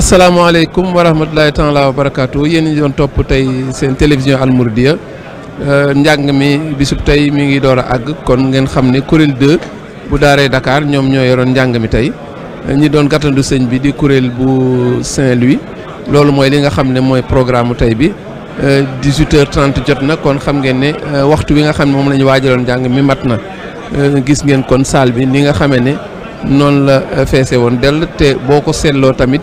asalaamaaleykum wa rahmatulahi taala wa barakaatu yéen ñi doon topp tey seen télévision Al Mouridiyyah euh, njàng mi bisub tey mi ngi door a àgg kon ngeen xam ne kuréel 2 bu daaree dakaar ñoom ñoo yoroon njàng mi tey ñi doon gàttandu sëñ bi di kuréel bu Saint-Louis loolu mooy li nga xam ne mooy programme tey bi 18h30 euh, jot na kon xam ngeen ne euh, waxtu wi nga xam ne moom la ñu waajaloon njàng mi mat na gis ngeen kon saal bi ni nga xame ne noonu la feese woon dell boo ko seetloo tamit.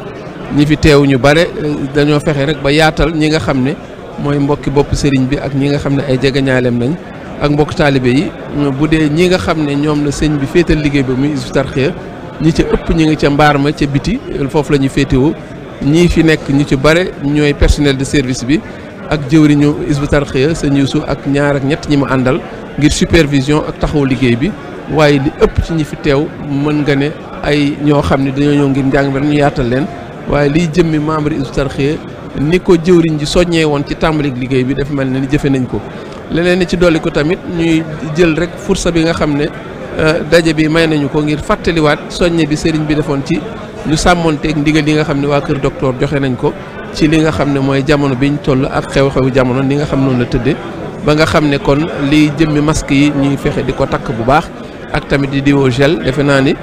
ñi fi teew ñu bare dañoo fexe rek ba yaatal ñi nga xam ne mooy mbokki bopp sëriñ bi ak ñi nga xam ne ay jegeñaaleem nañ ak mbokk taalibe yi bu dee ñi nga xam ne ñoom la sëñ bi féetal liggéey ba muy Hizbut Tarqiyyah ñi ca ëpp ñi ngi ca ma ca biti foofu la ñu féetewoo ñii fi nekk ñu ci bare ñooy personnel de service bi ak jëwriñu Hizbut Tarqiyyah sëñ Youssou ak ñaar ak ñett ñi mu àndal ngir supervision ak taxawu liggéey bi waaye li ëpp ci ñi fi teew mën nga ne ay ñoo xam ne dañoo ñëw ngir njàng mi ñu yaatal leen waaye liy jëmmi membre Hizbut Tarqiyyah ni ko jëwriñ ji soññee woon ci tàmbalik liggéey bi dafa mel na ni jëfe nañ ko leneen ni ci dolli ko tamit ñuy jël rek fursa bi nga xam ne euh, daje bi may nañu ko ngir fàttaliwaat soññe bi sëriñ bi defoon ci ñu sàmmoon sàmmonteeg ndigal yi nga xam ne waa kër docteur joxe nañ ko ci li nga xam ne mooy jamono ñu toll ak xew-xewu jamono li nga xam noonu la tëddee ba nga xam ne kon liy jëmmi mask yi ñuy fexe di ko takk bu baax ak tamit di diwoo gel defe naa ni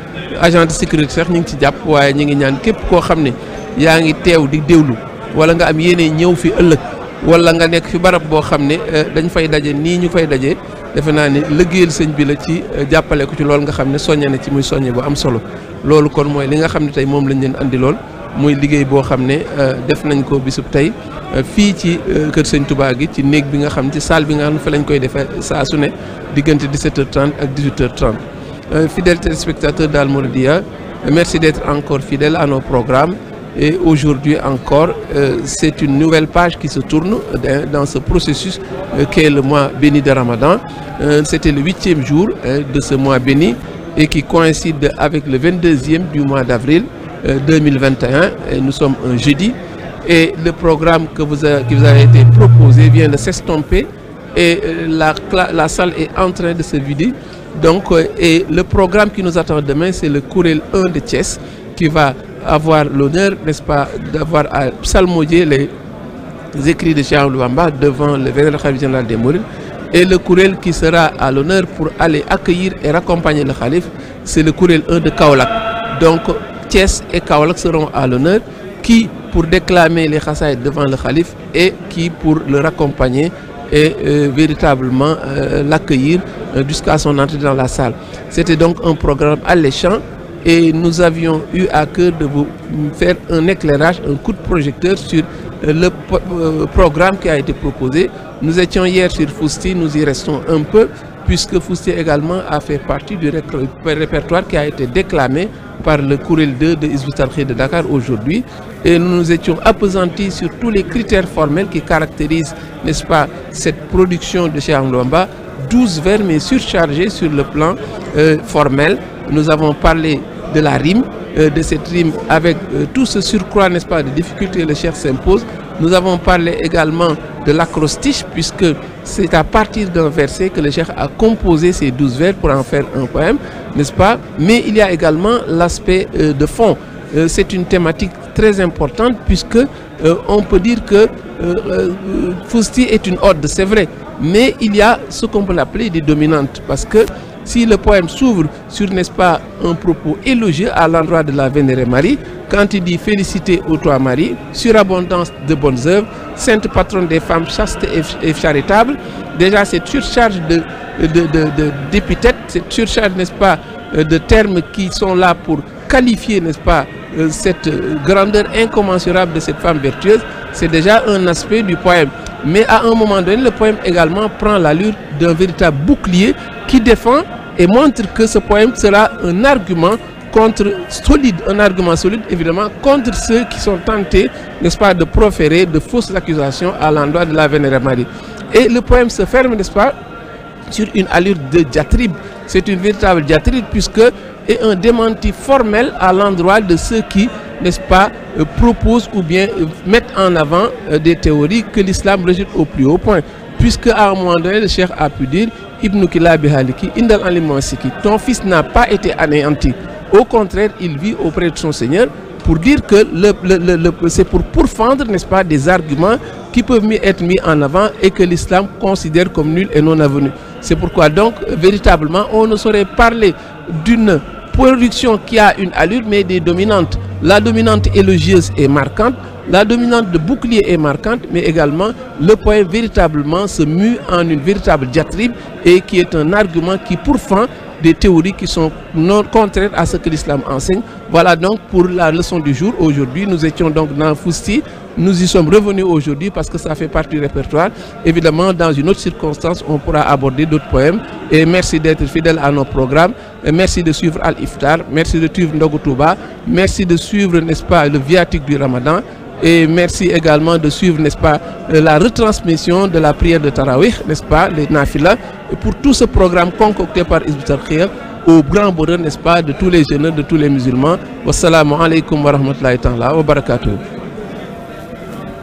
agent de ñu ngi ci jàpp waaye ñu ngi ñaan képp koo xam ne yaa ngi teew di déglu wala nga am yéene ñëw fi ëllëg wala nga nekk fi barab boo xam ne euh, dañ fay daje nii ñu fay daje defe naa ne liggéeyal sëñ bi la ci euh, jàppale ko ci loolu nga xam ne soññe na ci muy soññe bu am solo loolu kon mooy li nga xam ne tey moom lañ leen andi lool muy liggéey boo xam ne euh, def nañ ko bisub tey fii ci kër sëñ tubaab gi ci néeg bi nga xam ci salle bi nga xam ne fa lañ koy defee saa su ne diggante 17h30 ak 18h30 fidèles téléspectateurs d'Al Mouridiyyah merci d'être encore fidèles à nos programmes Et aujourd'hui encore, euh, c'est une nouvelle page qui se tourne dans ce processus euh, le mois béni de Ramadan. Euh, C'était le huitième jour hein, de ce mois béni et qui coïncide avec le 22e du mois d'avril 2021. Euh, et nous sommes un jeudi et le programme que vous a, de s'estomper et euh, la, la, salle est en de se Donc, euh, et le programme qui nous attend demain, le courriel de Thiès qui avoir l'honneur, n'est-ce pas, d'avoir à psalmodier les écrits de Cheikh Bamba devant le vénérable Khalif général des Mourides et le courriel qui sera à l'honneur pour aller accueillir et raccompagner le Khalif, c'est le courriel un de Kaolak. Donc Thiès et Kaolak seront à l'honneur qui pour déclamer les Khassaïd devant le Khalif et qui pour le raccompagner et euh, véritablement euh, l'accueillir euh, jusqu'à son entrée dans la salle. C'était donc un programme alléchant et nous avions eu à cœur de vous faire un éclairage, un coup de projecteur sur euh, le euh, programme qui a été proposé. Nous étions hier sur Fousti, nous y restons un peu, puisque Fousti également a fait partie du répertoire qui a été déclamé par le Courriel 2 de Isbutarché de Dakar aujourd'hui. Et nous nous étions appesantis sur tous les critères formels qui caractérisent, n'est-ce pas, cette production de chez Anglomba, 12 vers mais surchargés sur le plan euh, formel. Nous avons parlé de la rime, euh, de cette rime avec euh, tout ce surcroît, n'est-ce pas, de difficultés le cher s'impose. Nous avons parlé également de l'acrostiche puisque c'est à partir d'un verset que le cher a composé ces douze vers pour en faire un poème, n'est-ce pas Mais il y a également l'aspect euh, de fond. Euh, c'est une thématique très importante puisque euh, on peut dire que Fousti est une ode, c'est vrai, mais il y a ce qu'on peut appeler des dominantes parce que Si le poème s'ouvre sur, n'est-ce pas, un propos élogieux à l'endroit de la Vénérée Marie, quand il dit félicité ô toi Marie, surabondance de bonnes œuvres, sainte patronne des femmes chastes et charitables, déjà cette surcharge de d'épithètes, cette surcharge, n'est-ce pas, euh, de termes qui sont là pour qualifier, n'est-ce pas, euh, cette euh, grandeur incommensurable de cette femme vertueuse, c'est déjà un aspect du poème. Mais à un moment donné, le poème également prend l'allure d'un véritable bouclier qui défend et montre que ce poème sera un argument contre solide, évidemment contre ceux qui sont tentés, n'est-ce pas, de proférer de fausses accusations à l'endroit de la Vénérée Marie. Et le poème se ferme, n'est-ce pas, sur une allure de diatribe. C'est une véritable diatribe puisque est un démenti formel à l'endroit de ceux qui, n'est-ce pas, euh, proposent ou bien euh, mettent en avant euh, des théories que l'islam rejette au plus haut point. Puisque à un moment Ibn Kilabi Haliki, Indal Alimansiki, ton fils n'a pas été anéanti. Au contraire, il vit auprès de son Seigneur pour dire que c'est pour pourfendre, n'est-ce pas, des arguments qui peuvent être mis en avant et que l'islam considère comme nul et non avenu. C'est pourquoi donc, véritablement, on ne saurait parler d'une production qui a une allure, mais des dominantes. La dominante élogieuse et marquante, La dominante de bouclier est marquante, mais également le poème véritablement se mue en une véritable diatribe et qui est un argument qui pourfend des théories qui sont non contraires à ce que l'islam enseigne. Voilà donc pour la leçon du jour. Aujourd'hui, nous étions donc dans Fousti. Nous y sommes revenus aujourd'hui parce que ça fait partie du répertoire. Évidemment, dans une autre circonstance, on pourra aborder d'autres poèmes. Et merci d'être merci de suivre Al-Iftar. Merci de de suivre, n'est-ce pas, le viatique Et merci également de suivre, n'est-ce pas, euh, la retransmission de la prière de Tarawih, n'est-ce pas, les Nafila, et pour tout ce programme concocté par Isbutar Khir au grand bonheur, n'est-ce pas, de tous les jeunes, de tous les musulmans. Wassalamu alaikum wa rahmatullahi wa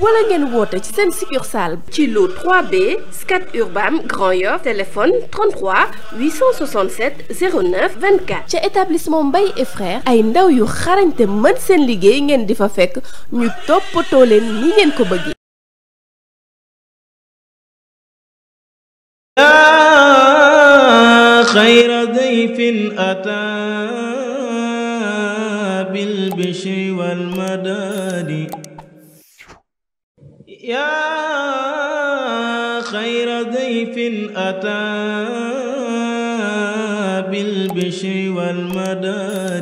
wala ngeen woote ci seen succursale ci lu 3B Scat Urbam Grand Yoff téléphone 33 867 09 ca établissement Mbaye et ay ndaw yu xarañte mën seen liggéey ngeen di fa fekk ñu toppatoo leen ngeen ko bëggee yaa xayra dayfin ataa bil bishri wal madadi yaa xayra dayfin ataa bil bishri wal madad